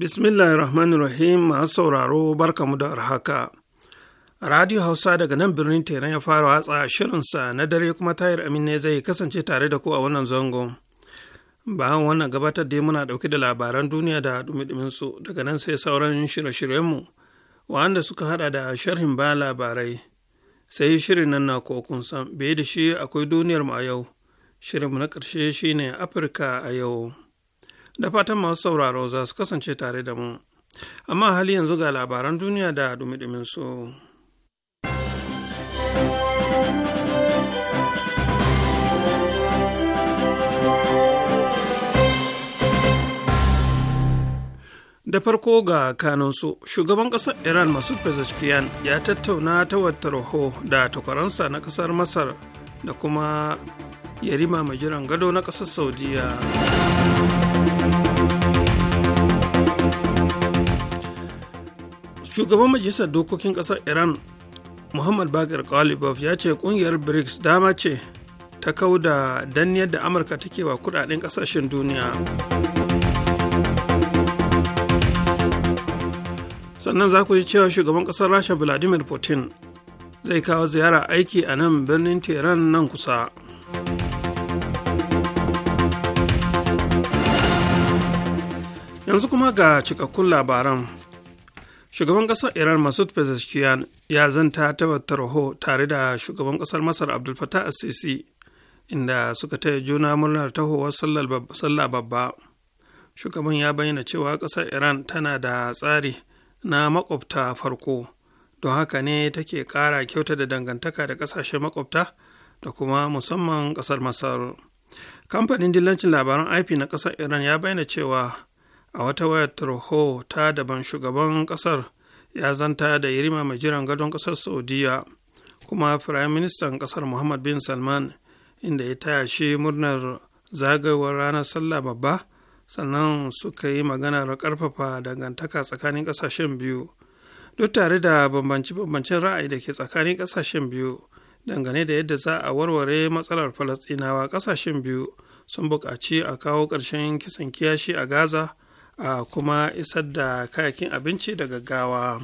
Bismillahirrahmanirrahim Rahmanir Rahim masu sauraro barkamu da arhaka. Radio Hausa daga nan birnin Teran ya fara watsa shirinsa na dare kuma tayar amin ne zai kasance tare da ku a wannan zangon. Bayan wannan gabatar da muna ɗauke da labaran duniya da dumi-duminsu daga nan sai sauran shirye-shiryenmu wanda suka hada da sharhin ba labarai. Sai shirin nan na kokun san, bai da shi akwai duniyar mu a yau. Shirinmu na ƙarshe shine Afirka a yau. da fatan masu sauraro za su kasance tare da mu amma hali yanzu ga labaran duniya da dumi so. da farko ga kanunsu shugaban ƙasar iran masu pezeshkian ya tattauna ta watarho da tukaransa na ƙasar masar da kuma yarima mai jiran gado na ƙasar saudiya shugaban majalisar dokokin ƙasar iran muhammad bakir kalibov ya ce ƙungiyar brics dama ce ta kau da danniyar da amurka take wa kudaden ƙasashen duniya sannan za ku ji cewa shugaban ƙasar rasha vladimir putin zai kawo ziyara aiki a nan birnin tehran nan kusa yanzu kuma ga cikakkun labaran shugaban ƙasar iran masud pezeshkian ya zanta ta tare da shugaban ƙasar masar abdul fatah assisi inda suka taya juna murnar tahowar sallah babba shugaban ya bayyana cewa ƙasar iran tana da tsari na makwabta farko don haka ne take ƙara kyauta da dangantaka da ƙasashe makwabta da kuma musamman ƙasar masar kamfanin dillancin labaran ip na ƙasar iran ya bayyana cewa a wata wayar tarho ta daban shugaban ƙasar ya zanta da yarima mai jiran gadon ƙasar saudiya kuma firayim ministan ƙasar muhammad bin salman inda ya taya shi murnar zagayowar ranar sallah babba sannan suka yi maganar ƙarfafa dangantaka tsakanin ƙasashen biyu duk tare da bambance-bambancen ra'ayi da ke tsakanin ƙasashen biyu dangane da yadda za a warware matsalar falastinawa ƙasashen biyu sun buƙaci a kawo ƙarshen kisan kiyashi a gaza a kuma isar da kayakin abinci da gaggawa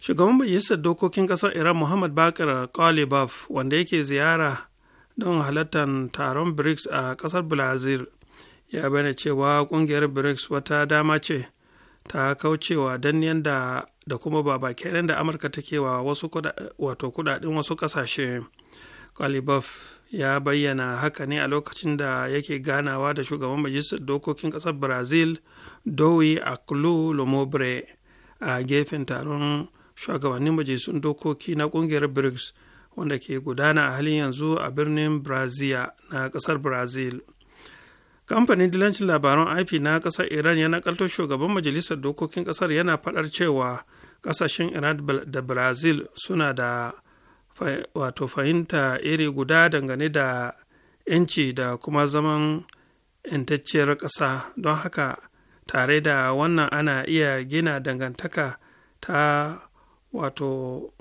shugaban majalisar dokokin ƙasar iran muhammad bakar kalibaf wanda yake ziyara don halartar taron brics a ƙasar brazil ya bayyana cewa ƙungiyar brics wata dama ce ta kaucewa don da da kuma baba kenan da amurka take wa wasu kudaden wasu kasashe kalibaf ya bayyana haka ne a lokacin da yake ganawa da shugaban majalisar dokokin kasar brazil doi aklu lomobre a gefen taron shugabannin majalisun dokoki na kungiyar brics wanda ke gudana a halin yanzu a birnin brazil na kasar brazil kamfanin dilancin labaran ip na kasar iran ya nakalto shugaban majalisar dokokin kasar yana faɗar cewa ƙasashen iran da brazil suna da wato fahimta iri guda dangane da 'yanci da kuma zaman 'yantacciyar ƙasa don haka tare da wannan ana iya gina dangantaka ta wato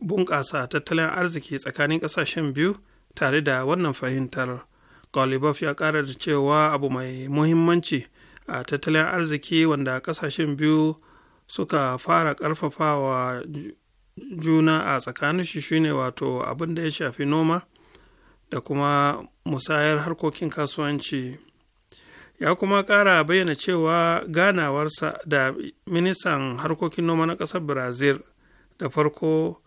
bunƙasa tattalin arziki tsakanin ƙasashen biyu tare da wannan fahimtar golibov ya ƙara da cewa abu mai muhimmanci a tattalin arziki wanda ƙasashen biyu suka fara ƙarfafawa juna a tsakanin shi shine wato abin da ya shafi noma da kuma musayar harkokin kasuwanci ya kuma kara bayyana cewa ganawarsa da ministan harkokin noma na ƙasar brazil da farko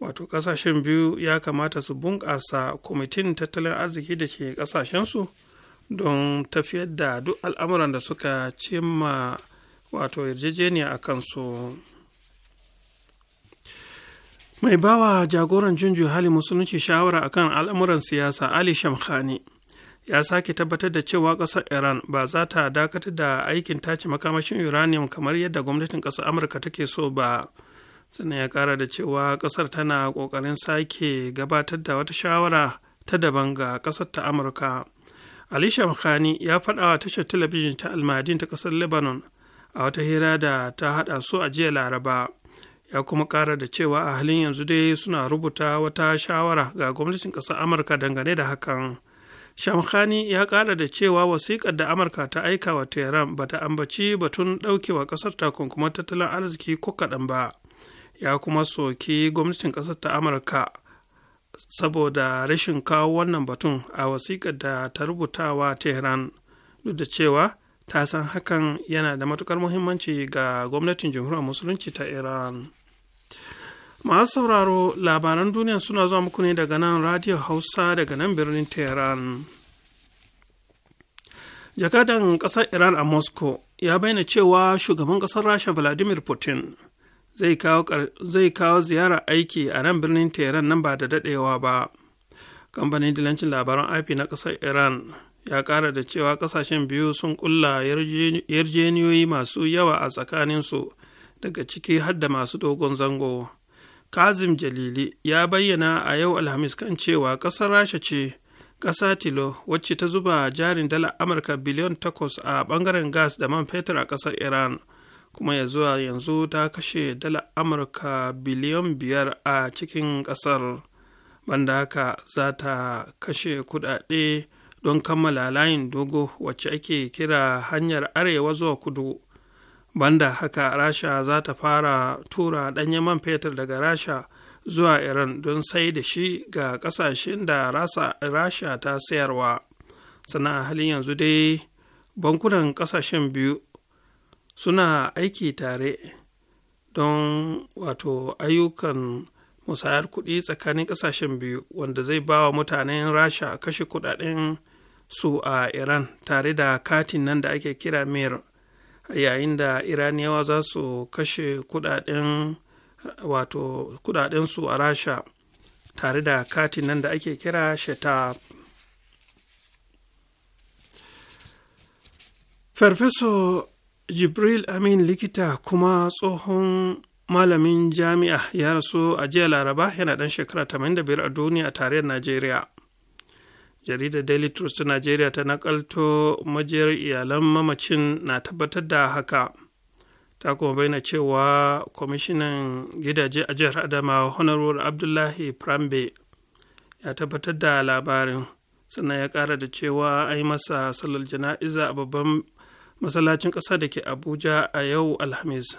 wato ƙasashen biyu ya kamata su bunƙasa kwamitin tattalin arziki da ke ƙasashensu don tafiyar da duk al'amuran da suka cimma wato yarjejeniya a kansu mai bawa jagoran junju hali musulunci shawara akan al'amuran siyasa ali shamkhani ya sake tabbatar da cewa ƙasar iran ba za ta dakatar da aikin tace makamashin uranium kamar yadda gwamnatin ƙasar amurka take so ba sannan ya ƙara da cewa ƙasar tana ƙoƙarin sake gabatar da wata shawara ta daban ga ƙasar ta amurka ali shamkhani ya faɗa wa tashar talabijin ta almadin ta ƙasar lebanon a wata hira da ta haɗa su a jiya laraba ya kuma ƙara da cewa a halin yanzu dai suna rubuta wata shawara ga gwamnatin ƙasar amurka dangane da hakan shamkani ya ƙara da cewa wasiƙar da amurka ta aika wa tehran ba ta ambaci batun ɗaukewa ƙasar takunkuman tattalin arziki ko kaɗan ba ya kuma soki gwamnatin ƙasar ta amurka saboda rashin kawo wannan batun a wasiƙar da ta rubutawa tehran duk da cewa ta san hakan yana da matukar muhimmanci ga gwamnatin jamhuriyar musulunci ta iran masu sauraro labaran duniya suna zuwa muku ne daga nan radio hausa daga nan birnin tehran jakadan ƙasar iran a moscow ya bayyana cewa shugaban ƙasar rasha vladimir putin zai kawo ziyara aiki a nan birnin tehran nan ba da dadewa ba kamfanin dilancin labaran ip na ƙasar iran ya ƙara da cewa ƙasashen biyu sun ƙulla yarjeniyoyi masu yawa a tsakaninsu daga ciki hadda masu dogon zango kazim jalili ya bayyana a yau alhamis kan cewa ƙasar rasha ce ƙasa tilo wacce ta zuba jarin dala amurka biliyon takwas a ɓangaren gas da man fetur a ƙasar iran kuma ya zuwa yanzu ta kashe dala amurka biliyon biyar a cikin ƙasar banda haka za ta kashe kuɗaɗe don kammala layin dogo wacce ake kira hanyar arewa zuwa kudu banda haka rasha za ta fara tura ɗanyen man fetur daga rasha zuwa iran don sai da shi ga ƙasashen da rasha ta sayarwa sana'a halin yanzu dai bankunan ƙasashen biyu suna aiki tare don wato ayyukan musayar kuɗi tsakanin ƙasashen biyu wanda zai ba wa mutanen rasha kashe kuɗaɗen su a iran tare da katin nan da ake kira miyar. yayin da iraniyawa za su kashe kudaden su a rasha tare da katin nan da ake kira sheta farfeso jibril amin likita kuma tsohon malamin jami'a ya rasu a jiya laraba yana dan shekara 85 a duniya a tarayyar najeriya jaridar daily trust ta najeriya ta nakalto majiyar iyalan mamacin na tabbatar da haka ta kuma bayyana cewa kwamishinan gidaje a jihar adamawa honorable abdullahi prambe ya tabbatar da labarin sannan ya kara da cewa an yi masa salal jana'iza a babban masallacin ƙasa da ke abuja a yau alhamis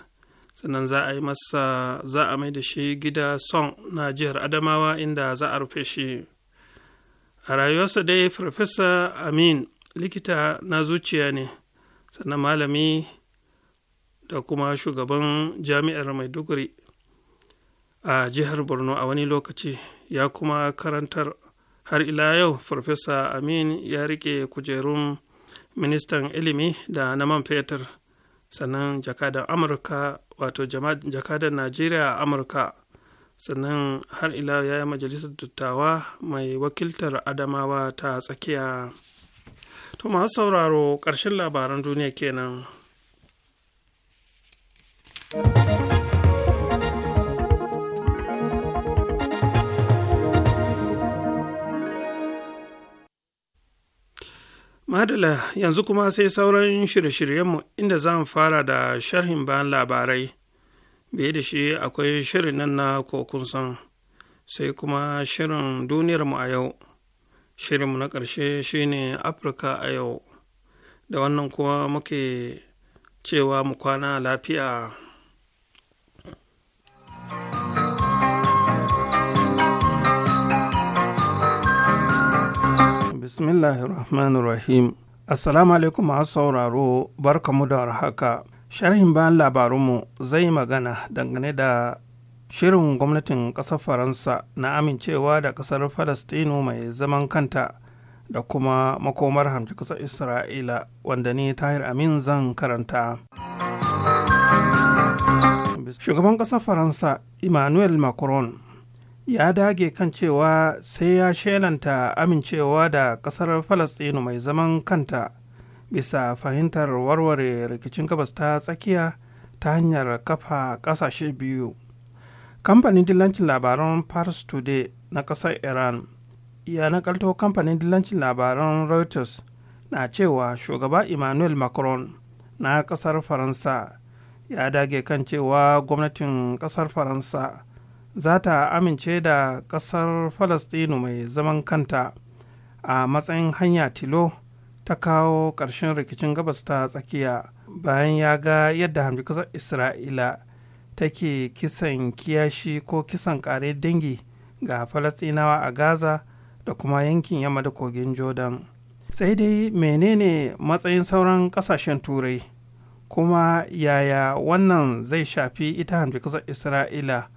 sannan za a yi masa za a mai da shi gida son na jihar adamawa inda za a rufe shi a rayuwarsa dai farfesa amin likita na zuciya ne sannan malami da kuma shugaban jami'ar maiduguri a jihar borno a wani lokaci ya kuma karantar har ila yau farfesa amin ya rike kujerun ministan ilimi da na man fetur sannan jakadan amurka wato jakadan najeriya a amurka sannan har ila ya yi majalisar dattawa mai wakiltar adamawa ta tsakiya to masu sauraro ƙarshen labaran duniya kenan madala yanzu kuma sai sauran shirye-shiryenmu inda za mu fara da sharhin bayan labarai biye da shi akwai shirin nan na kokun san sai kuma shirin duniyarmu a yau shirinmu na ƙarshe shine afirka a yau da wannan kuma muke cewa mu kwana lafiya bismillahirrahmanirrahim assalamu alaikum masu sauraro barkamu da warhaka sharhin bayan labarunmu zai magana dangane da shirin gwamnatin ƙasar faransa na amincewa da ƙasar falastinu mai zaman kanta da kuma makomar hamci ƙasar isra'ila wanda ni tahir amin zan karanta shugaban ƙasar faransa emmanuel macron ya dage kan cewa sai ya shelanta amincewa da ƙasar falastinu mai zaman kanta bisa fahimtar warware rikicin gabas ta tsakiya ta hanyar kafa ƙasashe biyu kamfanin dillancin labaran paris today na ƙasar iran ya nakalto kamfanin dillancin labaran reuters na cewa shugaba emmanuel macron na ƙasar faransa ya dage kan cewa gwamnatin ƙasar faransa za ta amince da ƙasar falastinu mai zaman kanta a matsayin hanya tilo ta kawo ƙarshen rikicin gabas ta tsakiya bayan ya ga yadda hamji isra'ila take kisan kiyashi ko kisan ƙare dangi ga falastinawa a gaza da kuma yankin yamma da kogin jordan sai dai menene matsayin sauran ƙasashen turai kuma yaya wannan zai shafi ita hamji isra'ila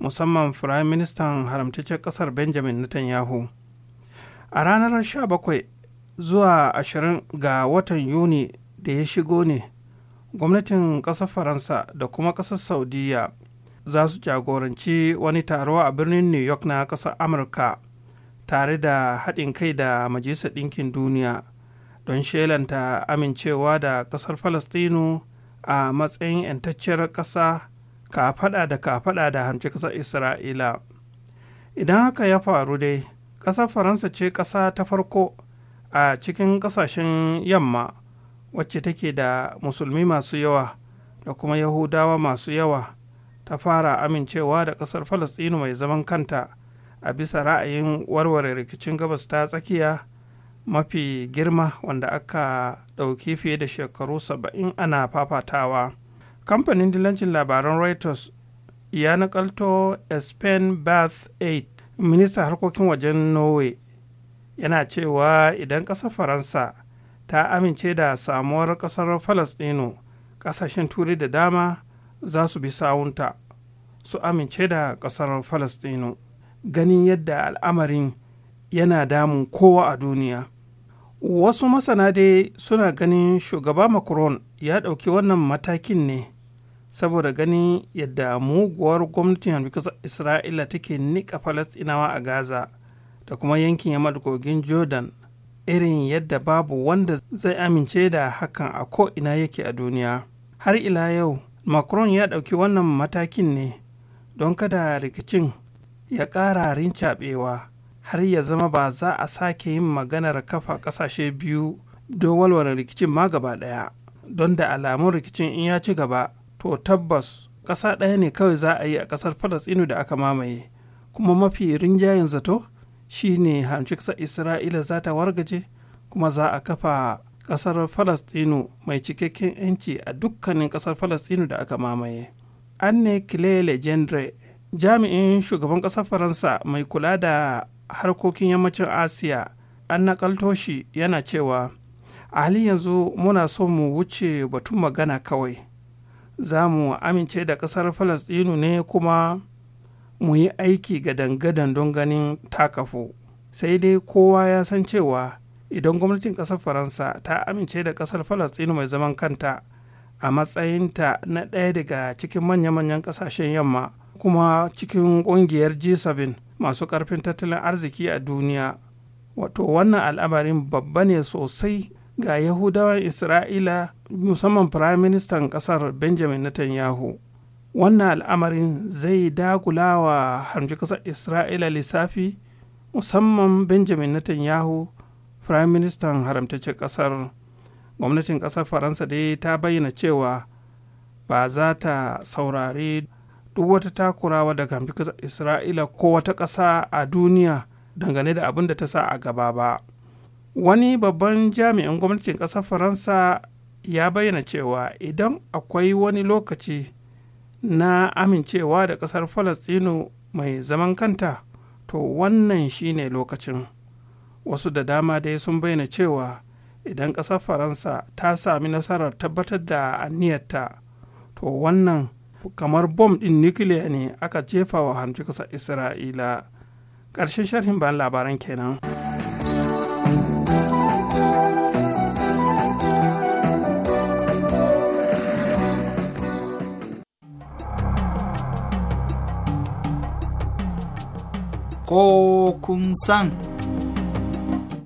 musamman firayim ministan haramtaccen ƙasar benjamin netanyahu a ranar 17 zuwa 20 ga watan yuni da ya shigo ne gwamnatin ƙasar faransa da kuma ƙasar saudiya za su jagoranci wani taro a birnin new york na ƙasar amurka tare da haɗin kai da majalisar ɗinkin duniya don shelanta amincewa da ƙasar falastinu a matsayin 'yantacciyar ƙasa kafaɗa da kafaɗa da hamci ƙasar isra'ila idan haka ya faru dai ƙasar faransa ce ƙasa ta farko a cikin ƙasashen yamma wacce take da musulmi masu yawa da kuma yahudawa masu yawa ta fara amincewa da ƙasar falastinu mai zaman kanta a bisa ra'ayin warware rikicin gabas ta tsakiya mafi girma wanda aka ɗauki fiye da shekaru saba'in ana fafatawa kamfanin dilancin labaran reuters ya nakalto spain bath 8 Minista harkokin wajen norway yana cewa idan ƙasar faransa ta amince da samuwar ƙasar falastino ƙasashen turai da dama za su bi sawunta su amince da ƙasar falastino ganin yadda al'amarin yana damun kowa a duniya wasu masana dai suna ganin shugaba macron ya ɗauki wannan matakin ne saboda ganin yadda muguwar gwamnatin isra'ila take niƙa falastinawa a gaza da kuma yankin yamma da kogin jordan irin yadda babu wanda zai amince da hakan a ina yake a duniya har ila yau macron ya ɗauki wannan matakin ne don kada rikicin ya ƙara rincaɓewa har ya zama ba za a sake yin maganar kafa ƙasashe biyu don walwala rikicin ma gaba ɗaya don da alamun rikicin in ya ci gaba to tabbas ƙasa ɗaya ne kawai za a yi a ƙasar falastinu da aka mamaye kuma mafi rinjayen zato shi ne hamci ƙasar isra'ila za ta wargaje kuma za a kafa ƙasar falastinu mai cikakken 'yanci a dukkanin ƙasar falastinu da aka mamaye anne kilele gendre jami'in shugaban ƙasar faransa mai kula da harkokin yammacin asiya an nakalto shi yana cewa a halin yanzu muna so mu wuce batun magana kawai za mu amince da ƙasar falastinu ne kuma mu yi aiki ga dangadan don ganin takafu sai dai kowa ya san cewa idan gwamnatin ƙasar faransa ta amince da ƙasar falastinu mai zaman kanta a matsayinta na ɗaya daga cikin manya-manyan ƙasashen yamma kuma cikin ƙungiyar g7 masu ƙarfin tattalin arziki a duniya wato wannan al'amarin babba ne sosai ga yahudawan isra'ila musamman Firayim Ministan ƙasar benjamin netanyahu wannan al'amarin zai dagulawa wa harmci ƙasar isra'ila lissafi musamman benjamin netanyahu firayim ministan haramtaccen ƙasar gwamnatin ƙasar faransa dai ta bayyana cewa ba za ta saurari duk wata takurawa daga hamfikar isra'ila ko wata ƙasa a duniya dangane da abin da ta sa a gaba ba wani babban jami'in gwamnatin ƙasar faransa ya bayyana cewa idan akwai wani lokaci na amincewa da ƙasar falastinu mai zaman kanta to wannan shine lokacin wasu da dama dai sun bayyana cewa idan ƙasar faransa ta sami nasarar tabbatar da aniyarta to wannan kamar bom ɗin nukiliya ne aka jefa wa hamci ƙasar isra'ila ƙarshen sharhin bayan labaran kenan. こうくんさん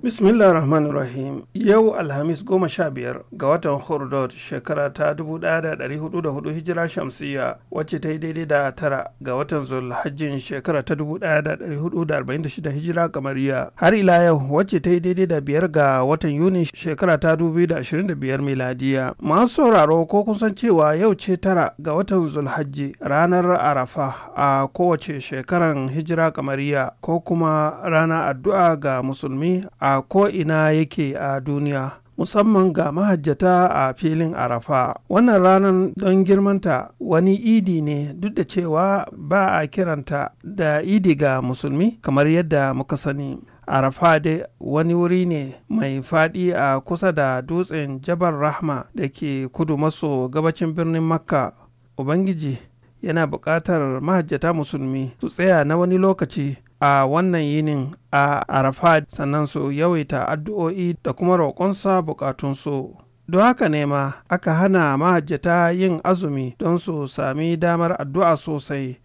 Bismillahirrahmanirrahim. rahman rahim yau alhamis goma sha biyar ga watan Hordot shekara ta dubu ɗaya da ɗari hudu da hudu hijira shamsiyya wacce ta yi daidai da tara ga watan zulhajjin shekara ta dubu ɗaya da ɗari hudu da arba'in da shida hijira kamariya har ila yau wacce ta yi daidai da biyar ga watan yuni shekara ta dubu da ashirin da biyar miladiya masu sauraro ko kun san cewa yau ce tara ga watan zulhajji ranar arafa a kowace shekaran hijira kamariya ko kuma ranar addu'a ga musulmi a a ko'ina yake a duniya musamman ga mahajjata a filin arafa wannan ranar don girmanta wani idi ne duk da cewa ba a kiranta da idi ga musulmi kamar yadda muka sani arafa dai wani wuri ne mai faɗi a kusa da dutsen jabar rahma da ke kudu maso gabacin birnin makka ubangiji yana buƙatar mahajjata musulmi su tsaya na wani lokaci a wannan yinin a arafat sannan su yawaita addu'o'i da kuma roƙonsa bukatunsu don haka ne ma aka hana mahajjata yin azumi don su sami damar addu'a sosai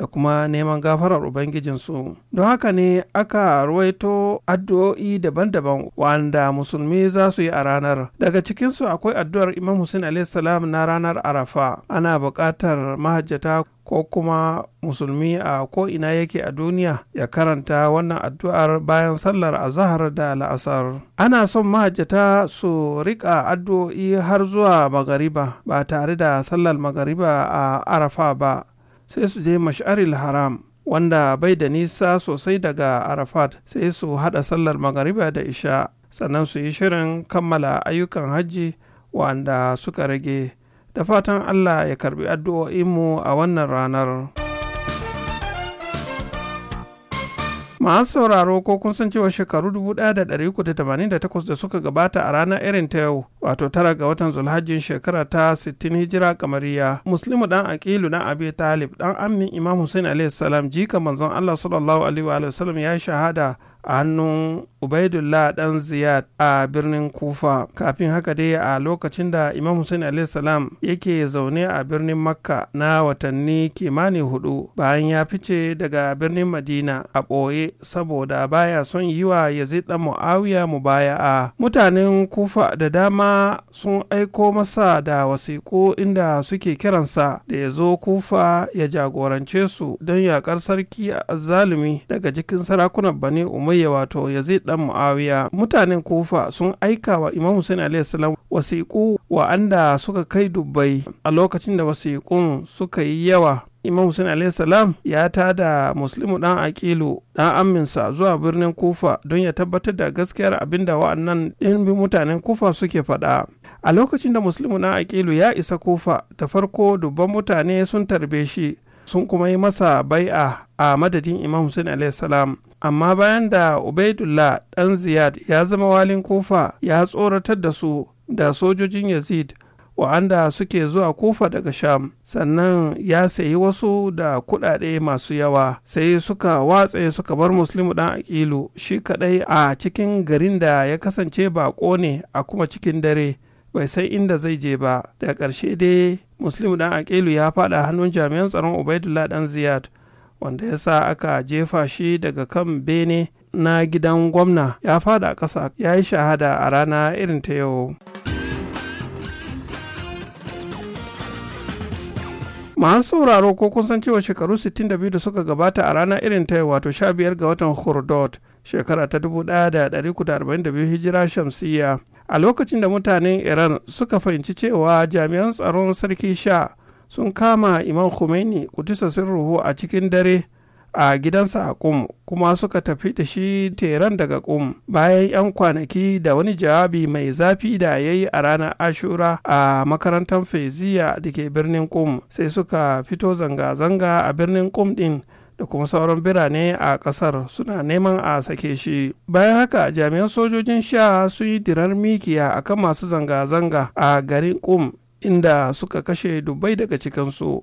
da kuma neman gafarar Ubangijinsu. Don haka ne aka ruwaito addu'o'i daban-daban wanda musulmi za su yi a ranar. Daga cikinsu akwai addu'ar Imam Hussein a.s. na ranar Arafa. Ana buƙatar mahajjata ko kuma musulmi a ko'ina yake a duniya ya karanta wannan addu'ar bayan sallar azahar da la'asar. Ana son mahajjata su riƙa addu'o'i har zuwa magariba ba tare da sallar magariba a Arafa ba. sai su je mash'aril haram wanda bai da nisa sosai daga arafat sai su hada sallar magariba da isha sannan su yi shirin kammala ayyukan hajji wanda suka rage da fatan allah ya karbi addu'o'inmu a wannan ranar. masu sauraro ko kun san cewa shekaru 1388 da suka gabata a ranar irin ta yau wato tara ga watan zulhajjin shekara ta 60 hijira kamariya muslimu dan akilu na abi talib dan amin imam hussein alaihi salam jika manzon allah sallallahu alaihi wa sallam ya shahada a hannun ubaidullah dan ziyad a birnin kufa kafin haka dai a lokacin da imam hussein salam yake zaune a birnin makka na watanni kimanin hudu bayan ya fice daga birnin madina a ɓoye saboda baya son yi wa yazid dan muawiya a mutanen kufa da dama sun aiko masa da wasiƙu inda suke kiransa da ya zo kufa ya jagorance su don yaƙar sarki a zalumi daga cikin sarakunan bani umar umayya wato yazid dan muawiya mutanen kufa sun aika wa imam hussein alayhi salam wasiƙu wa'anda suka kai dubbai a lokacin da wasiqun suka yi yawa imam hussein alayhi salam ya tada muslimu dan aqilu dan aminsa zuwa birnin kufa don ya tabbatar da gaskiyar abin da wa'annan bi mutanen kufa suke faɗa a lokacin da muslimu dan akilu ya isa kufa da farko dubban mutane sun tarbe shi sun kuma yi masa bai'a a madadin imam hussein alayhi salam amma bayan da ubaidullah ɗan ziyad ya zama walin kufa ya tsoratar da su da sojojin yazid wa'anda suke zuwa kufa daga sham sannan ya sayi wasu da kuɗaɗe masu yawa sai suka watse suka bar muslimu ɗan akilu shi kaɗai a cikin garin da ya kasance baƙo ne a kuma cikin dare bai san inda zai je ba da ƙarshe dai muslimu ɗan akilu ya faɗa hannun jami'an tsaron ubaidullah ɗan ziyad wanda ya sa aka jefa shi daga kan bene na gidan gwamna ya fada ƙasa ya yi shahada a rana irin ta yau. masu sauraro ko kun san cewa shekaru 62 da suka gabata a rana irin ta wato 15 ga watan hurdot shekara ta 1942 hijira shamsiyya a lokacin da mutanen iran suka fahimci cewa jami'an tsaron sarki sha sun kama imam khomeini kutisa sirruhu a cikin dare a gidansa a kum kuma suka tafi da shi teran daga kum bayan 'yan kwanaki da wani jawabi mai zafi da ya yi a ranar ashura a makarantar feziya da ke birnin kum sai suka fito zanga-zanga a birnin kum din da kuma sauran birane a kasar suna neman a sake shi bayan haka jami'an sojojin sha su yi dirar mikiya akan masu zanga-zanga a garin kum inda suka kashe dubbai daga cikinsu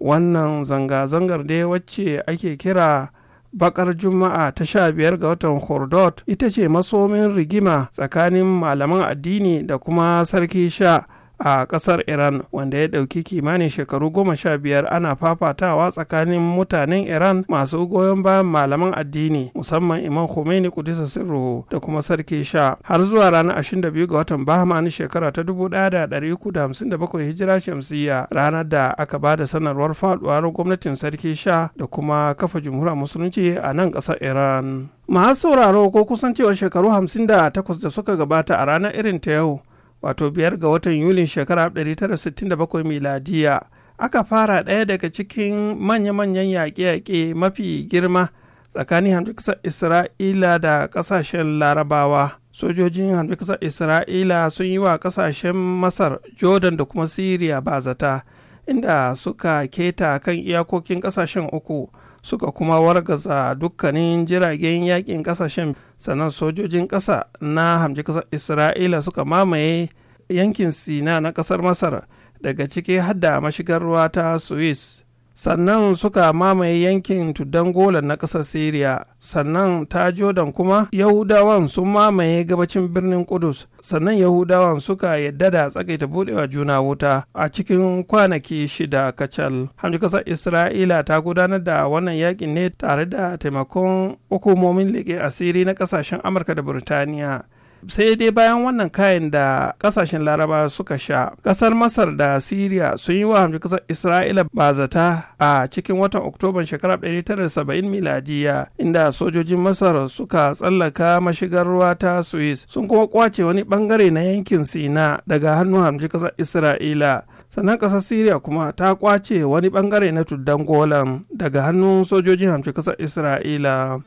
wannan zanga-zangar dai wacce ake kira bakar juma'a ta sha biyar ga watan hordot ita ce masomin rigima tsakanin malaman addini da kuma sarki sha a ƙasar iran wanda ya ɗauki kimanin shekaru goma sha biyar ana fafatawa tsakanin mutanen iran masu goyon bayan malaman addini musamman imam khomeini kudisa sirruhu da kuma sarki sha har zuwa ranar 22 ga watan bahman shekara ta 1357 hijira shamsiyya ranar da aka ba da sanarwar faduwar gwamnatin sarki sha da kuma kafa jamhuriyar musulunci a nan ƙasar iran masu sauraro ko kusan cewa shekaru 58 da suka gabata a ranar irin ta yau wato biyar ga watan yulin shekara 1967 miladiya aka fara ɗaya daga cikin manya-manyan yaƙe-yaƙe mafi girma tsakanin Kasar isra'ila da ƙasashen larabawa sojojin Kasar isra'ila sun yi wa ƙasashen masar jordan da kuma siriya bazata inda suka keta kan iyakokin ƙasashen uku suka kuma wargaza dukkanin jiragen yakin kasashen sannan sojojin ƙasa na hamji ƙasar isra'ila suka mamaye yankin sina na ƙasar masar daga ciki hadda mashigar ruwa ta suez sannan suka mamaye yankin Tudangola na ƙasar Siriya, sannan ta jodan kuma Yahudawan sun mamaye gabacin birnin Kudus, sannan Yahudawan suka yadda da tsakaita budewa juna wuta a cikin kwanaki shida kacal. Hanyar ƙasar Isra'ila ta gudanar da wannan yakin ne tare da taimakon hukumomin leƙe asiri na ƙasashen Amurka da Burtaniya. sai dai bayan wannan kayan da kasashen laraba suka sha kasar masar da syria sun yi wa hamshi kasar isra'ila bazata a cikin watan oktoban shekarar 1970 miladiya inda sojojin masar suka tsallaka mashigar ruwa ta swiss sun kuma kwace wani bangare na yankin sina daga hannun hamshi kasar isra'ila sannan kasar syria kuma ta kwace wani bangare na tuddan golan daga hannun sojojin hamshi kasar isra'ila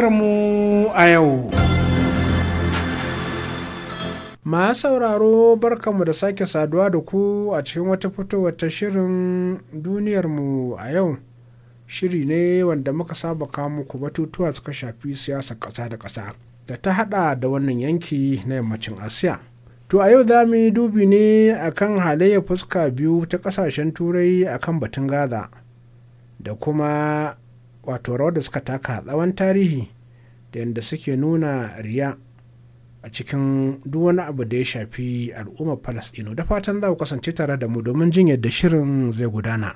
shirinmu a yau. Ma sauraro barkanmu da sake saduwa da ku a cikin wata fitowar ta shirin duniyarmu a yau. Shiri ne wanda muka saba kamu muku batutuwa suka shafi siyasar ƙasa da ƙasa da ta haɗa da wannan yanki na yammacin Asiya. To a yau za mu yi dubi ne akan halayyar fuska biyu ta ƙasashen turai akan batun Gaza da kuma wato rawar da suka taka tsawon tarihi da yadda suke nuna riya a cikin duk wani abu da ya shafi al'ummar falasɗinu da fatan za ku kasance tare da mu domin jin yadda shirin zai gudana.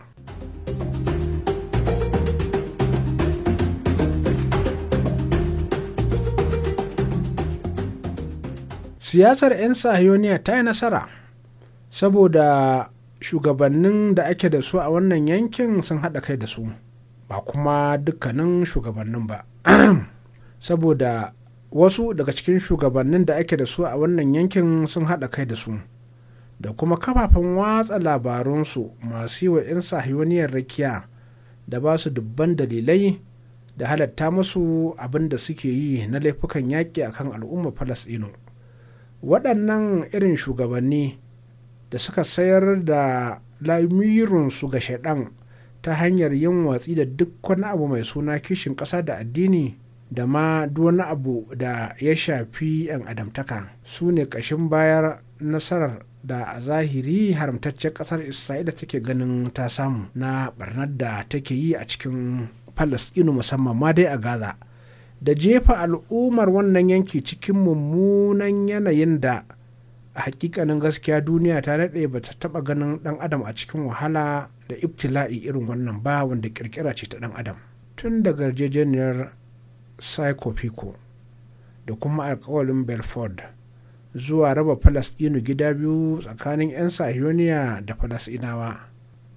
siyasar 'yan sahiyoniya ta yi nasara saboda shugabannin da ake da su a wannan yankin sun haɗa kai da su ba kuma dukkanin shugabannin ba saboda wasu daga cikin shugabannin da ake da su a wannan yankin sun haɗa kai da su da kuma kafafen watsa labarunsu masu yi wa 'yan sahiyoniyar rakiya da ba su dubban dalilai da halatta musu abin da suke yi na laifukan yaƙi a kan al'ummar falasɗinu waɗannan irin shugabanni da suka sayar da lamirinsu ga shaidan ta hanyar yin watsi da duk wani abu mai suna kishin ƙasa da addini da ma wani abu da ya shafi 'yan adamtaka su ne ƙashin bayar nasarar da a zahiri haramtaccen ƙasar isra'ila take ganin ta samu na barnar da take yi a cikin inu musamman ma dai a gaza da jefa al'ummar wannan yanki cikin mummunan yanayin da a hakikanin gaskiya duniya ta daɗe ba ta taɓa ganin ɗan adam a cikin wahala da ibtila'i irin wannan ba wanda kirkira ce ta dan adam tun da yarjejeniyar psychopico da kuma alkawalin belford zuwa raba falasɗinu gida biyu tsakanin 'yan sahiyoniya da falasɗinawa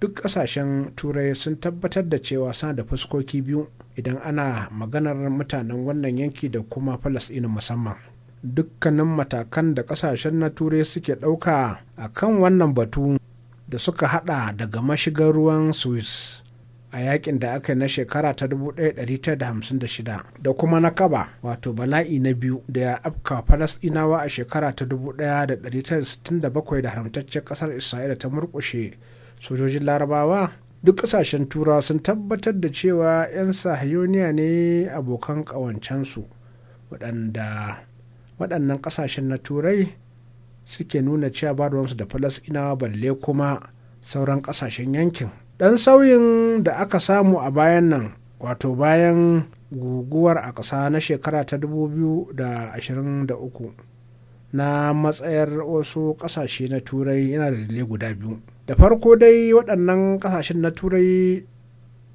duk ƙasashen turai sun tabbatar da cewa suna da fuskoki biyu idan ana maganar mutanen wannan yanki da kuma falasɗinu musamman dukkanin matakan da ƙasashen na turai suke ɗauka a kan wannan batu da suka hada daga mashigar ruwan swiss a yakin da aka yi na shekara ta 1956 da kuma na kaba wato bala'i na biyu da ya afka falasdinawa a shekara ta 1967 da haramtaccen kasar isra'ila ta murkushe sojojin larabawa duk kasashen turawa sun tabbatar da cewa 'yan sahayoniya ne abokan ƙawancensu waɗanda waɗannan kasashen na turai suke nuna cewa ba da falasɗinawa balle kuma sauran ƙasashen yankin ɗan sauyin da aka samu a bayan nan wato bayan guguwar a ƙasa na shekara ta 2023 na matsayar wasu ƙasashe na turai yana da dalilai guda biyu da farko dai waɗannan ƙasashen na turai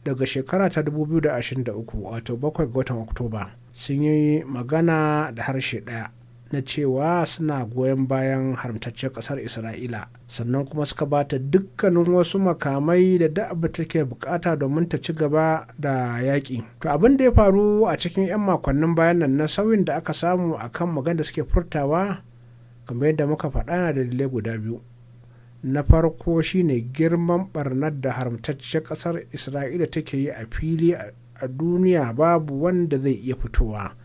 daga shekara ta 2023 wato bakwai ga watan oktoba sun yi magana da harshe ɗaya na cewa suna goyon bayan haramtaccen kasar isra'ila sannan kuma suka ba ta dukkanin wasu makamai da da'aba take bukata domin ta ci gaba da yaƙi to abin da ya faru a cikin 'yan makonnin bayan nan na sauyin da aka samu a kan magana da suke furtawa kamar yadda muka faɗa na dalilai guda biyu na farko shine girman barnar da haramtaccen kasar isra'ila take yi a fili a duniya babu wanda zai iya fitowa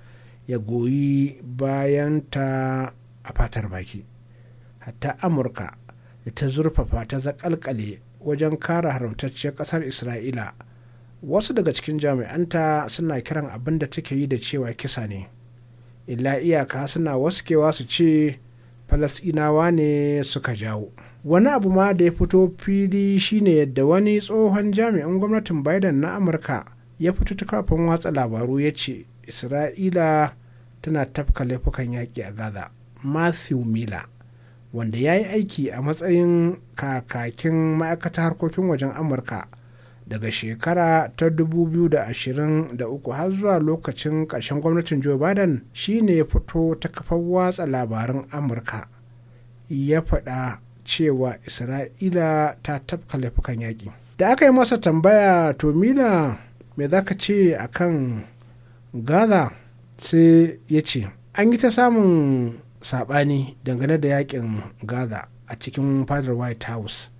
ya goyi bayan ta a fatar baki hatta amurka da ta zurfafa ta zakalkale wajen kare haramtacciyar ƙasar isra'ila wasu daga cikin jami'anta suna kiran abin da take yi da cewa kisa ne illa iyaka suna waskewa su ce falasinawa ne suka jawo wani abu ma da ya fito fili shine yadda wani tsohon jami'in gwamnatin biden na amurka ya fito ta kafin watsa labaru ya ce isra'ila tana tafka laifukan yaƙi a gaza matthew miller wanda ya yi aiki a matsayin kakakin ma'aikatar harkokin wajen amurka daga shekara ta 2023 har zuwa lokacin ƙarshen gwamnatin joe biden shine ya fito ta kafar watsa labaran amurka ya faɗa cewa isra'ila ta tafka laifukan yaƙi da aka yi masa tambaya to mila me za ka ce akan gaza sai ya ce an yi ta samun saɓani dangane da yakin gaza a cikin fadar white house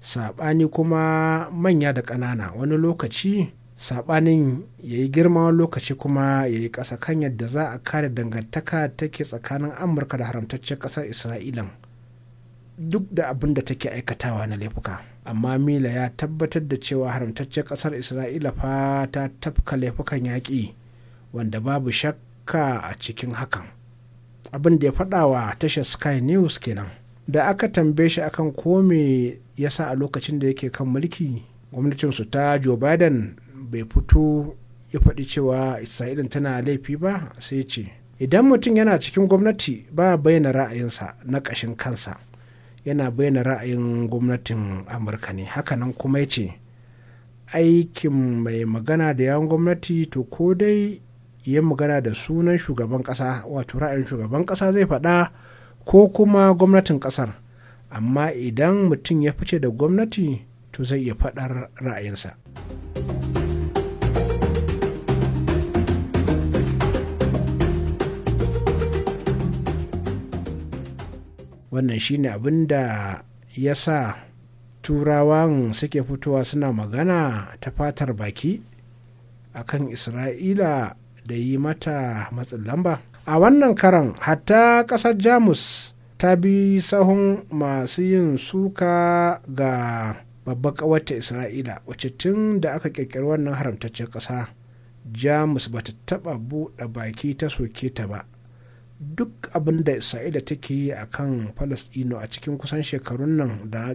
saɓani kuma manya da ƙanana wani lokaci saɓanin ya yi girma wani lokaci kuma ya yi ƙasa kan yadda za a kare dangantaka take tsakanin amurka da haramtaccen ƙasar Isra'ila duk da abin da take aikatawa na laifuka amma mila ya tabbatar da cewa haramtaccen ƙasar isra'ila fa ta tafka laifukan yaƙi wanda babu shakka a cikin hakan abin da ya faɗa wa tashar sky news kenan da aka tambaye shi akan kome ya sa a lokacin da yake kan mulki gwamnatinsu ta joe biden bai fito ya faɗi cewa isra'ila tana laifi ba sai ce idan mutum yana cikin gwamnati ba bayyana ra'ayinsa na ƙashin kansa yana bayyana ra'ayin gwamnatin amurka ne hakanan kuma ya ce aikin mai magana da yawon gwamnati to ko dai yin magana da sunan shugaban ƙasa wato ra'ayin shugaban ƙasa zai faɗa ko kuma gwamnatin ƙasar amma idan mutum ya fice da gwamnati to zai iya faɗar ra'ayinsa. wannan shine abin da ya sa turawan suke fitowa suna magana ta fatar baki akan isra'ila da yi mata matsin lamba a wannan karan hatta ƙasar jamus ta bi sahun masu yin suka ga babbar ƙawarta isra'ila wacce tun da aka ƙirƙiri wannan haramtaccen ƙasa jamus ba ta taɓa buɗe baki ta soke ta ba duk abin da isra'ila take yi a kan falasɗino a cikin kusan shekarun nan da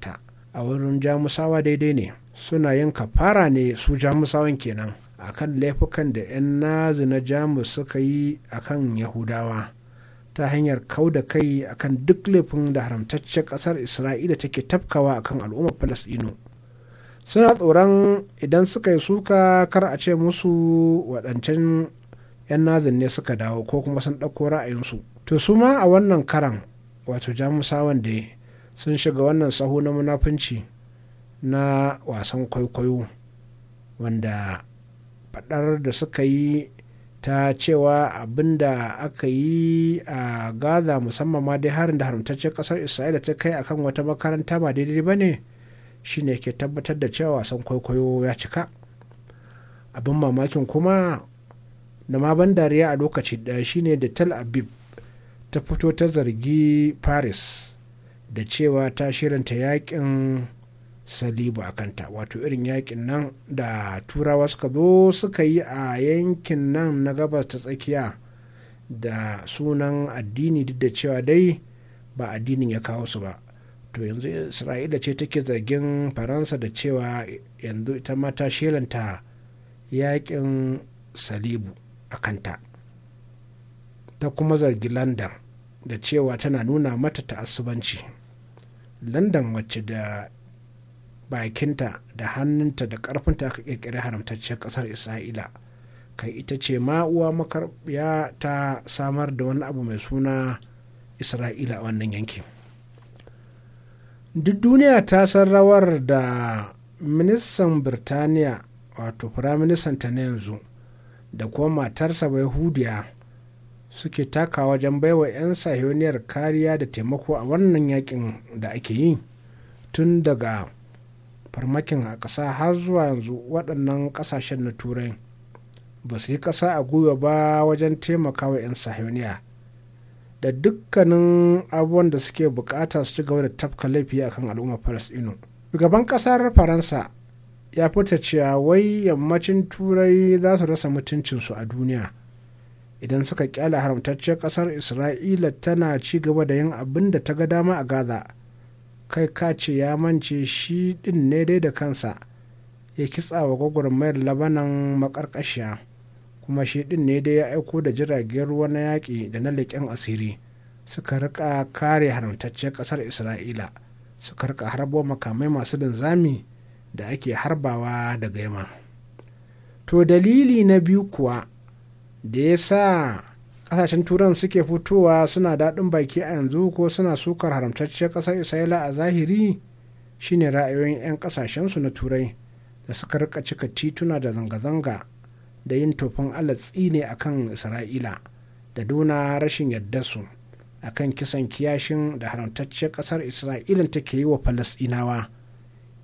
ta a wurin jamusawa daidai ne suna yin kafara ne su jamusawan kenan Akan laifukan da 'yan nazi na jamus suka yi a kan yahudawa ta hanyar kau da kai akan duk laifin da haramtaccen ƙasar isra'ila take tafkawa akan al'ummar falasɗinu suna tsoron idan suka yi suka kar a ce musu waɗancan 'yan nazin ne suka dawo ko kuma sun ɗauko ra'ayinsu to su ma a wannan karan wato jamusawan da sun shiga wannan saho na munafunci na wasan kwaikwayo wanda faɗar da suka yi ta cewa abin da aka yi a gaza musamman ma dai harin da haramtaccen kasar isra'ila ta kai akan wata makaranta ba daidai ba ne shine ke tabbatar da cewa wasan kwaikwayo ya cika abin mamakin kuma da ma ban dariya a lokaci ɗaya shine da tel aviv ta fito ta zargi paris da cewa ta shirinta yakin salibu a kanta wato irin yakin nan da turawa suka zo suka yi a yankin nan na gabas ta tsakiya da sunan addini duk da cewa dai ba addinin ya kawo su ba to yanzu isra'ila ce take zargin faransa da cewa yanzu ita ma ta shelanta yakin salibu a kanta ta kuma zargi london da cewa tana nuna mata ta'asubanci london wacce da bakinta da hannunta da ƙarfinta aka ƙirƙiri haramtacciyar ƙasar isra'ila kai ita ce ma uwa makarbiya ta samar da wani abu mai suna isra'ila a wannan yanki duk duniya ta san rawar da ministan birtaniya wato firaministan ta na yanzu da kuma matarsa bai hudiya suke taka wajen baiwa 'yan sahiyoniyar kariya da taimako a wannan yakin da ake yi tun daga farmakin a ƙasa har zuwa yanzu waɗannan ƙasashen na turai ba su yi ƙasa a gwiwa ba wajen taimakawa 'yan sahiyoniya da dukkanin abubuwan da suke bukata su ci gaba da tafka laifi a kan al'ummar falasɗinu shugaban ƙasar faransa ya fita cewa wai yammacin turai za su rasa mutuncinsu a duniya idan suka kyale haramtacciyar ƙasar isra'ila tana ci gaba da yin abin da ta ga dama a gaza kai kace ya mance shi ɗin ne dai da kansa ya kitsa wa gwagwarmayar labanan makarkashiya kuma shi ɗin ne dai ya aiko da jiragen ruwa na yaƙi da na leƙen asiri suka rika kare haramtacciyar ƙasar isra'ila suka rika harbo makamai masu linzami da ake harbawa da gaima to dalili na biyu kuwa da ya sa kasashen turan suke fitowa suna daɗin baki a yanzu ko suna sukar haramtacciyar ƙasar isra'ila a zahiri shine ra'ayoyin 'yan ƙasashensu na turai da suka rika cika tituna da zanga-zanga da yin tofin alatsi ne akan isra'ila da duna rashin yarda su akan kisan kiyashin da haramtacciyar ƙasar Isra'ila take yi wa falasɗinawa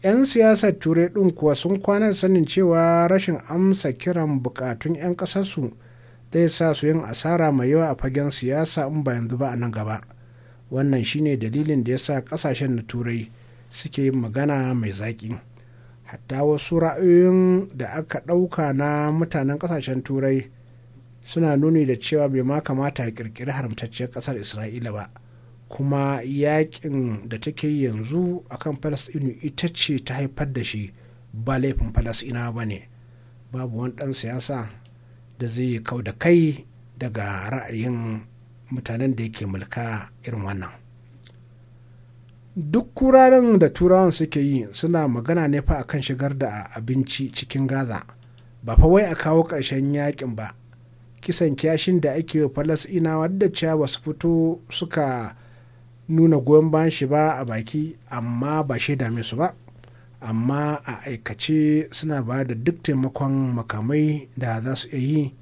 'yan siyasar turai ɗin kuwa sun kwanar sanin cewa rashin amsa kiran bukatun 'yan ƙasarsu zai sa su yin asara mai yawa a fagen siyasa in ba yanzu ba a nan gaba wannan shine dalilin da ya sa kasashen na turai suke yin magana mai zaƙi hatta wasu ra'ayoyin da aka ɗauka na mutanen kasashen turai suna nuni da cewa bai ma kamata ya ƙirƙiri haramtacciyar ƙasar isra'ila ba kuma yakin da take yanzu akan falasɗinu ita ce ta haifar da shi ba laifin Falasɗina ba ne babu wani ɗan siyasa da zai kau da kai daga ra'ayin mutanen da yake mulka irin wannan duk kuraren da turawan suke yi suna magana ne fa akan shigar da abinci cikin gaza ba fa wai a kawo ƙarshen yakin ba kisan kyashin da ake wa falasina wadda cewa ba su fito suka nuna goyon bayan shi ba a baki amma ba shaida su ba amma a aikace suna ba da duk taimakon makamai da za su iya yi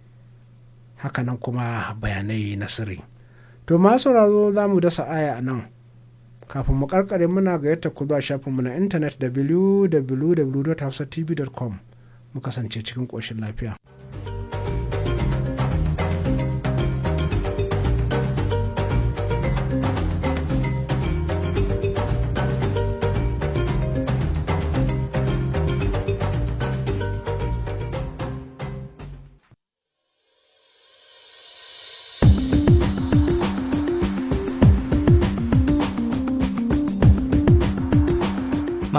hakanan kuma bayanai na sirri to masu sauraro za mu dasa aya a nan kafin mu karkare muna ga yadda ku zuwa shafinmu na intanet www.hafsatv.com mu kasance cikin ƙoshin lafiya.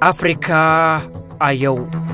África, a eu. É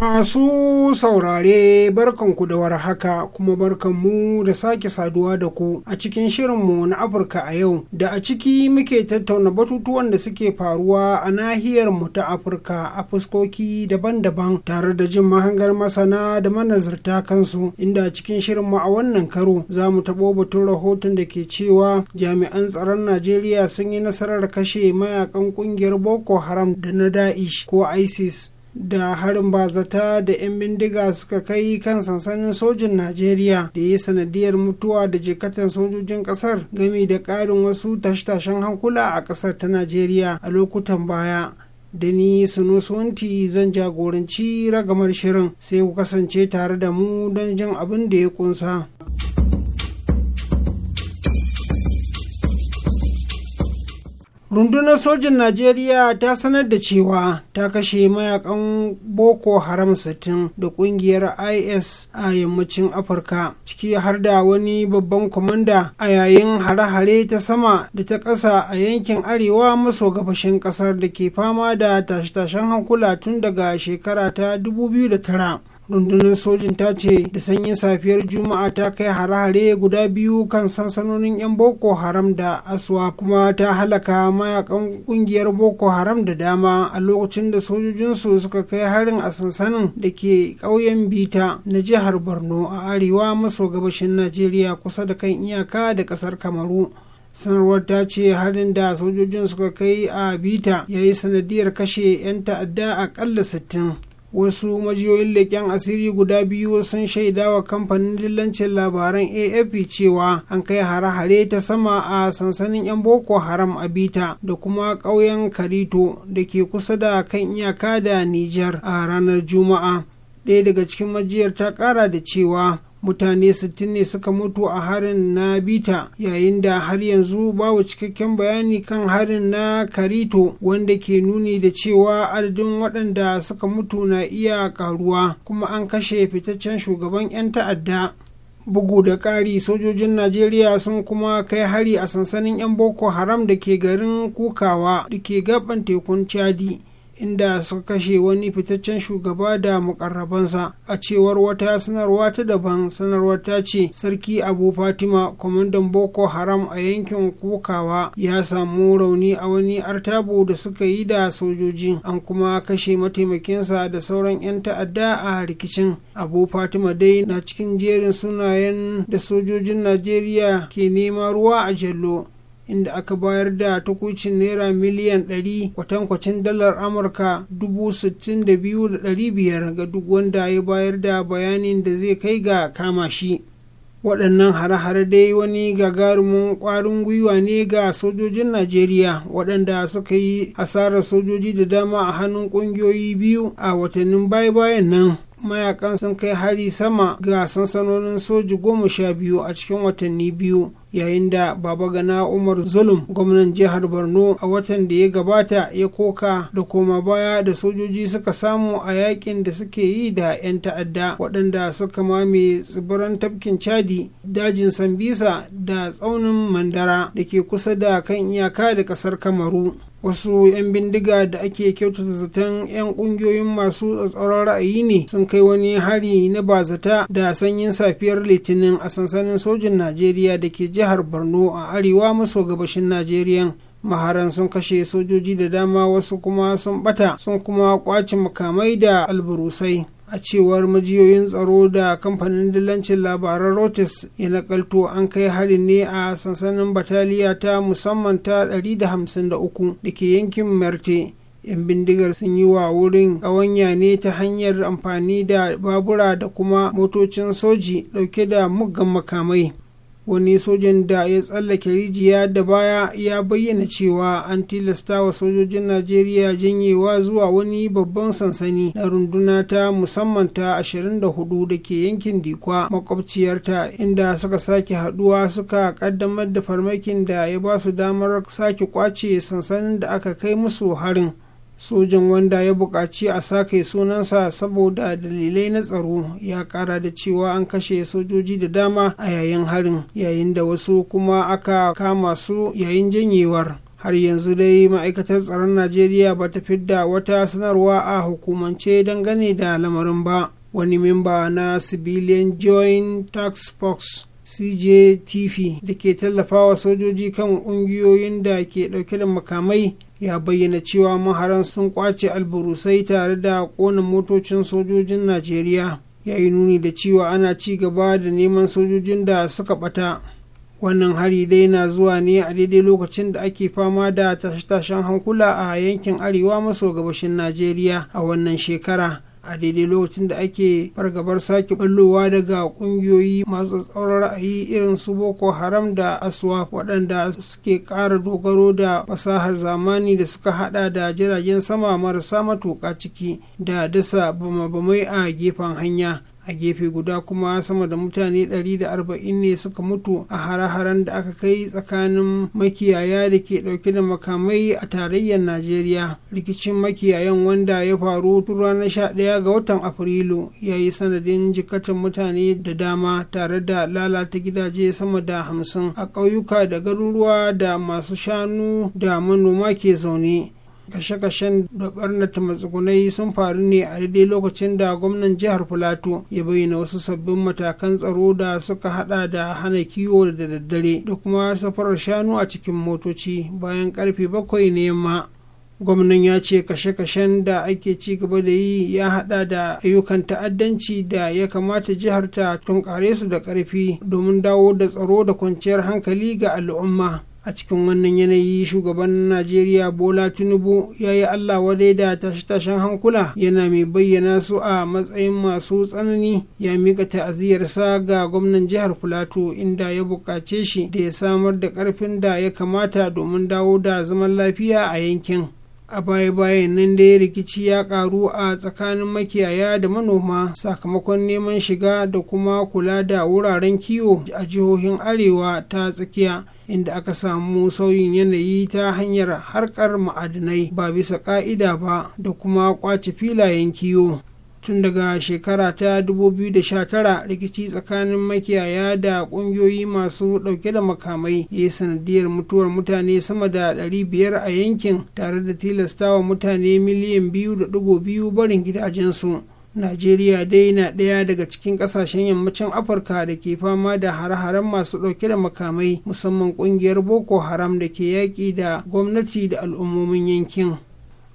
Masu saurare barkanku da haka kuma barkanmu da sake saduwa da ku a cikin shirinmu na Afirka a yau da a ciki muke tattauna batutuwan da suke faruwa a nahiyar mu ta Afirka a fuskoki daban-daban tare da jin mahangar masana da manazarta kansu inda a cikin shirinmu a wannan karo za mu taɓo batun rahoton da ke cewa jami'an tsaron Najeriya sun yi nasarar kashe mayakan ƙungiyar Boko Haram da na Da'ish ko ISIS da harin bazata da 'yan bindiga suka kai kan sansanin sojin najeriya da ya sanadiyar mutuwa da jikatan sojojin kasar gami da ƙarin wasu tashe hankula a ƙasar ta najeriya a lokutan baya da ni sunusunti zan jagoranci ragamar shirin sai ku kasance tare da mu don jin abin da ya kunsa. rundunar sojin najeriya ta sanar da cewa ta kashe mayakan boko haram 60 da kungiyar is a yammacin afirka ciki har da wani babban kwamanda a yayin hare-hare ta sama da ta ƙasa a yankin arewa maso gabashin ƙasar da ke fama da tashe-tashen hankula tun daga shekara ta 2009 rundunar sojin ta ce da sanyin safiyar juma'a ta kai hare-hare guda biyu kan sansanonin 'yan boko haram da aswa kuma ta halaka mayakan kungiyar boko haram da dama a lokacin da sojojinsu suka kai harin a sansanin da ke ƙauyen bita na jihar borno a arewa maso gabashin najeriya kusa da kan iyaka da ƙasar kamaru sanarwar ta ce harin da sojojin suka kai a bita ya yi sanadiyar kashe 'yan ta'adda akalla 60 wasu majiyoyin leƙen asiri guda biyu sun shaida wa kamfanin dillancin labaran afp cewa an kai hare-hare ta sama a sansanin 'yan boko haram a bita da kuma ƙauyen karito da ke kusa da kan iyaka da nijar a ranar juma'a ɗaya daga cikin majiyar ta ƙara da cewa mutane 60 ne suka mutu a harin na bita yayin da har yanzu babu cikakken bayani kan harin na karito wanda ke nuni da cewa adadin waɗanda suka mutu na iya karuwa kuma an kashe fitaccen shugaban 'yan ta'adda bugu da ƙari sojojin najeriya sun kuma kai hari a sansanin 'yan boko haram da ke garin kukawa da ke gaban tekun chadi inda suka kashe wani fitaccen shugaba da mukarrabansa a cewar wata sanarwa ta daban sanarwa ta ce sarki abu fatima kwamandan boko haram a yankin kukawa ya samu rauni a wani artabu da suka yi da sojoji an kuma kashe mataimakinsa da sauran 'yan ta'adda a rikicin abu fatima dai na cikin jerin sunayen da sojojin najeriya ke nema ruwa a jallo inda aka bayar da takucin naira miliyan 100 kwatankwacin dalar amurka 62,500 ga duk wanda ya bayar da bayanin da zai kai ga kama shi waɗannan hare-hare dai wani gagarumin ƙwarin gwiwa ne ga sojojin najeriya waɗanda suka yi hasarar sojoji da dama a hannun ƙungiyoyi biyu a watannin baya-bayan nan mayakan sun kai hari sama ga sansanonin soji goma sha biyu a cikin watanni biyu yayin da baba gana umar zulum gwamnan jihar borno a watan da ya gabata ya koka da koma baya da sojoji suka samu a yakin da suke yi da 'yan ta'adda waɗanda suka mame tsibiran tafkin chadi dajin sambisa da tsaunin mandara da ke kusa da kan iyaka da ƙasar kamaru wasu 'yan bindiga da ake kyautata zaton 'yan kungiyoyin masu tsatsauran ra'ayi ne sun kai wani hari na bazata da sanyin safiyar litinin a sansanin sojin najeriya da ke jihar borno a arewa maso gabashin najeriya maharan sun kashe sojoji da dama wasu kuma sun bata sun kuma kwace makamai da alburusai a cewar majiyoyin tsaro da kamfanin dillancin labaran rotis ya nakalto an kai hari ne a sansanin bataliya ta musamman ta 153 da ke yankin merte 'yan bindigar sun yi wa wurin ƙawanya ne ta hanyar amfani da babura da kuma motocin soji dauke da muggan makamai wani sojan da ya tsallake rijiya da baya ya bayyana cewa an tilasta wa sojojin najeriya janyewa zuwa wani babban sansani na runduna ta musamman ta 24 da ke yankin dikwa makwabciyarta inda suka sake haduwa suka kaddamar da farmakin da ya ba su damar sake kwace sansanin da aka kai musu harin sojan wanda ya buƙaci a sake sunansa saboda dalilai na tsaro ya ƙara da cewa an kashe sojoji da dama a yayin harin yayin da wasu kuma aka kama su yayin janyewar har yanzu dai ma'aikatar tsaron najeriya ba ta fidda wata sanarwa a hukumance dangane da lamarin ba wani memba na civilian joint tax box cjtv da ke tallafawa sojoji kan ƙungiyoyin da ke ɗauke da makamai ya bayyana cewa maharan sun kwace alburusai tare da kona motocin sojojin najeriya ya yi nuni da cewa ana ci gaba da neman sojojin da suka bata wannan hari dai na zuwa ne a daidai lokacin da ake fama da tashe-tashen hankula a yankin arewa maso gabashin najeriya a wannan shekara a daidai lokacin da ake fargabar sake ballowa daga ƙungiyoyi masu tsaurar ra'ayi irin su boko haram da aswa waɗanda suke ƙara dogaro da fasahar zamani da suka haɗa da jiragen sama marasa matuƙa ciki da dasa bama-bamai a gefen hanya a gefe guda kuma sama da mutane 140 ne suka mutu a hare-haren da aka kai tsakanin makiyaya da ke dauke da makamai a tarayyar najeriya rikicin makiyayan wanda ya faru tun ranar 11 ga watan afrilu ya yi sanadin jikatan mutane da dama tare da lalata gidaje sama da hamsin a ƙauyuka da garuruwa da masu shanu da manoma ke zaune kashe-kashen da barnata matsugunai sun faru ne a daidai lokacin da gwamnan jihar filato ya bayyana wasu sabbin matakan tsaro da suka hada da hana kiwo da daddare da kuma safarar shanu a cikin motoci bayan karfe bakwai na yamma gwamnan ya ce kashe-kashen da ake ci gaba da yi ya hada da ayyukan ta'addanci da ya kamata jihar ta tunkare su da karfi domin dawo da tsaro da kwanciyar hankali ga al'umma a cikin wannan yanayi shugaban najeriya bola tinubu ya yi allah wadai da tashe-tashen hankula yana mai bayyana su a matsayin masu tsanani ya mika ta'aziyarsa ga gwamnan jihar filato inda ya buƙace shi da ya samar da ƙarfin da ya kamata domin dawo da zaman lafiya a yankin a baya-bayan nan dai rikici ya karu a tsakanin makiyaya da manoma sakamakon neman shiga da kuma kula da wuraren kiwo a jihohin arewa ta tsakiya inda aka samu sauyin yanayi ta hanyar harkar ma'adinai ba bisa ka'ida ba da kuma kwace filayen kiwo tun daga shekara ta 2019 rikici tsakanin makiyaya da kungiyoyi masu dauke da makamai ya yi sanadiyar mutuwar mutane sama da 500 a yankin tare da tilastawa mutane miliyan 2.2 barin gidajensu najeriya dai na ɗaya daga cikin ƙasashen yammacin afirka da ke fama da hare-haren masu ɗauke da makamai musamman ƙungiyar boko haram da ke yaƙi da gwamnati da al'ummomin yankin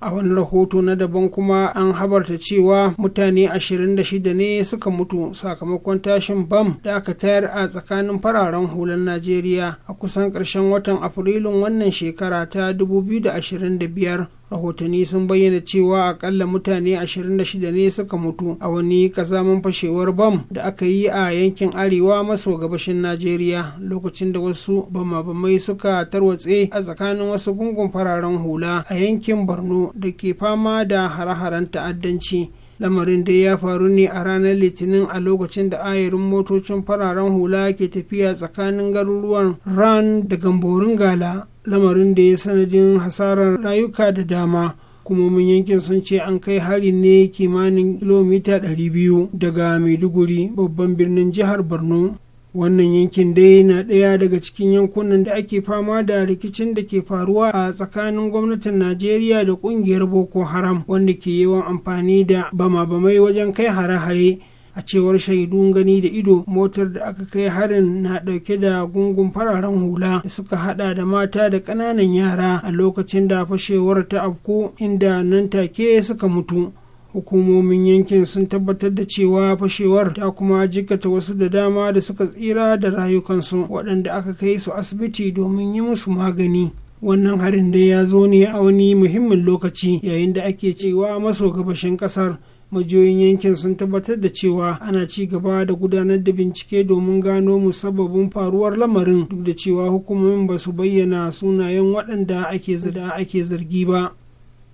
a wani rahoto na daban kuma an habarta cewa mutane 26 ne suka mutu sakamakon tashin bam da aka tayar a tsakanin fararen hulan najeriya a kusan ƙarshen watan afrilun wannan shekara ta 2025 rahotanni sun bayyana cewa akalla mutane 26 ne suka mutu a wani kasamin fashewar bam da aka yi a yankin arewa maso gabashin najeriya lokacin da wasu bama suka tarwatse a tsakanin wasu gungun fararen hula a yankin borno da ke fama da hare-haren ta'addanci lamarin dai ya faru ne a ranar litinin a lokacin da ayarin motocin fararen hula ke tafiya tsakanin garuruwan ran da gamborin gala lamarin da ya sanadin hasarar rayuka da dama kuma mun yankin sun ce an kai hari ne kimanin kilomita 200 daga maiduguri babban birnin jihar borno wannan yankin dai na ɗaya daga cikin yankunan da ake fama da rikicin da ke faruwa a tsakanin gwamnatin najeriya da ƙungiyar boko haram wanda ke yawan amfani da bama-bamai wajen kai hare-hare a cewar shaidun gani da ido motar da aka kai harin na dauke da gungun fararen hula da suka hada da mata da kananan yara a lokacin da fashewar ta afko inda nan take suka mutu hukumomin yankin sun tabbatar da cewa fashewar ta kuma jikata wasu da dama da suka tsira da rayukansu waɗanda aka kai su asibiti domin yi musu magani wannan harin dai ya zo ne a wani muhimmin lokaci yayin da ake cewa maso gabashin ƙasar majiyoyin yankin sun tabbatar da cewa ana ci gaba da gudanar da bincike domin gano musabbabin faruwar lamarin duk da cewa hukumomin ba su bayyana sunayen waɗanda ake ake zargi ba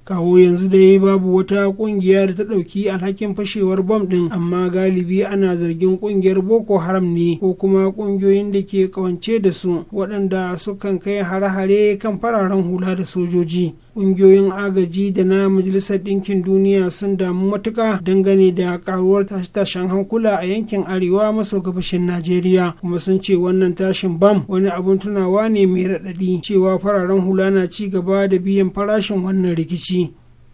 kawo yanzu dai babu wata kungiya da ta ɗauki alhakin fashewar bom ɗin amma galibi ana zargin kungiyar boko haram ne ko kuma ƙungiyoyin da ke kawance da su waɗanda sukan kai hare-hare kan fararen hula da sojoji ƙungiyoyin agaji da na majalisar ɗinkin duniya sun damu matuka dangane da karuwar tashen hankula a yankin arewa maso gabashin najeriya kuma sun ce wannan tashin bam wani abun tunawa ne mai raɗaɗi cewa fararen hula na ci gaba da biyan farashin wannan rikici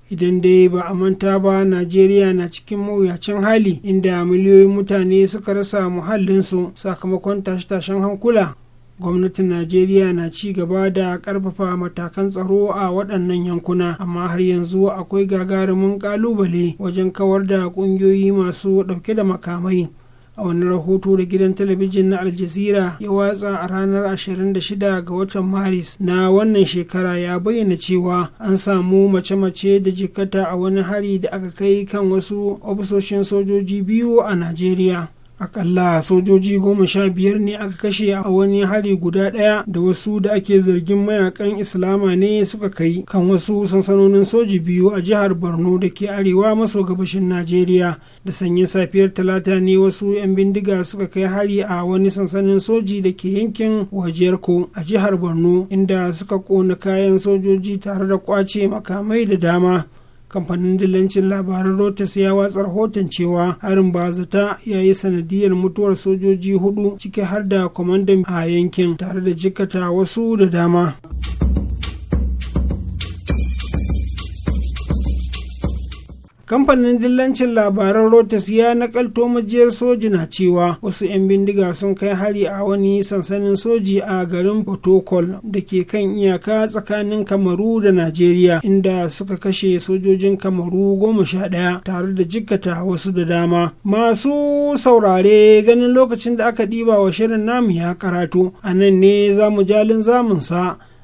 idan dai ba a manta ba najeriya na cikin mawuyacin hali inda miliyoyin mutane suka rasa muhallinsu sakamakon tashe-tashen hankula gwamnatin najeriya na ci gaba da karfafa matakan tsaro a waɗannan yankuna amma har yanzu akwai gagarumin kalubale wajen kawar da ƙungiyoyi masu ɗauke da makamai a wani rahoto da gidan talabijin na aljazira ya watsa a ranar 26 ga watan maris na wannan shekara ya bayyana cewa an samu mace-mace da jikata a wani hari da aka kai kan wasu ofisoshin sojoji biyu a najeriya akalla sojoji goma sha biyar ne aka kashe a wani hari guda ɗaya da wasu da ake zargin mayakan islama ne suka kai kan wasu sansanonin soji biyu a jihar borno da ke arewa maso gabashin najeriya da sanyin safiyar talata ne wasu 'yan bindiga suka kai hari a wani sansanin soji da ke yankin wajerko a jihar borno inda suka kona kayan sojoji tare da kwace makamai da dama kamfanin dillancin labaran Reuters ya watsa rahoton cewa harin bazata ya yi sanadiyar mutuwar sojoji hudu ciki har da kwamandan a yankin tare da jikata wasu da dama. kamfanin dillancin labaran Rotas ya nakalto majiyar soji na cewa wasu 'yan bindiga sun kai hari a wani sansanin soji a garin protocol da ke kan iyaka tsakanin kamaru da najeriya inda suka kashe sojojin kamaru goma sha ɗaya tare da jikkata wasu da dama masu saurare ganin lokacin da aka ɗiba wa shirin namu ya karatu a nan ne zamu jalin zamunsa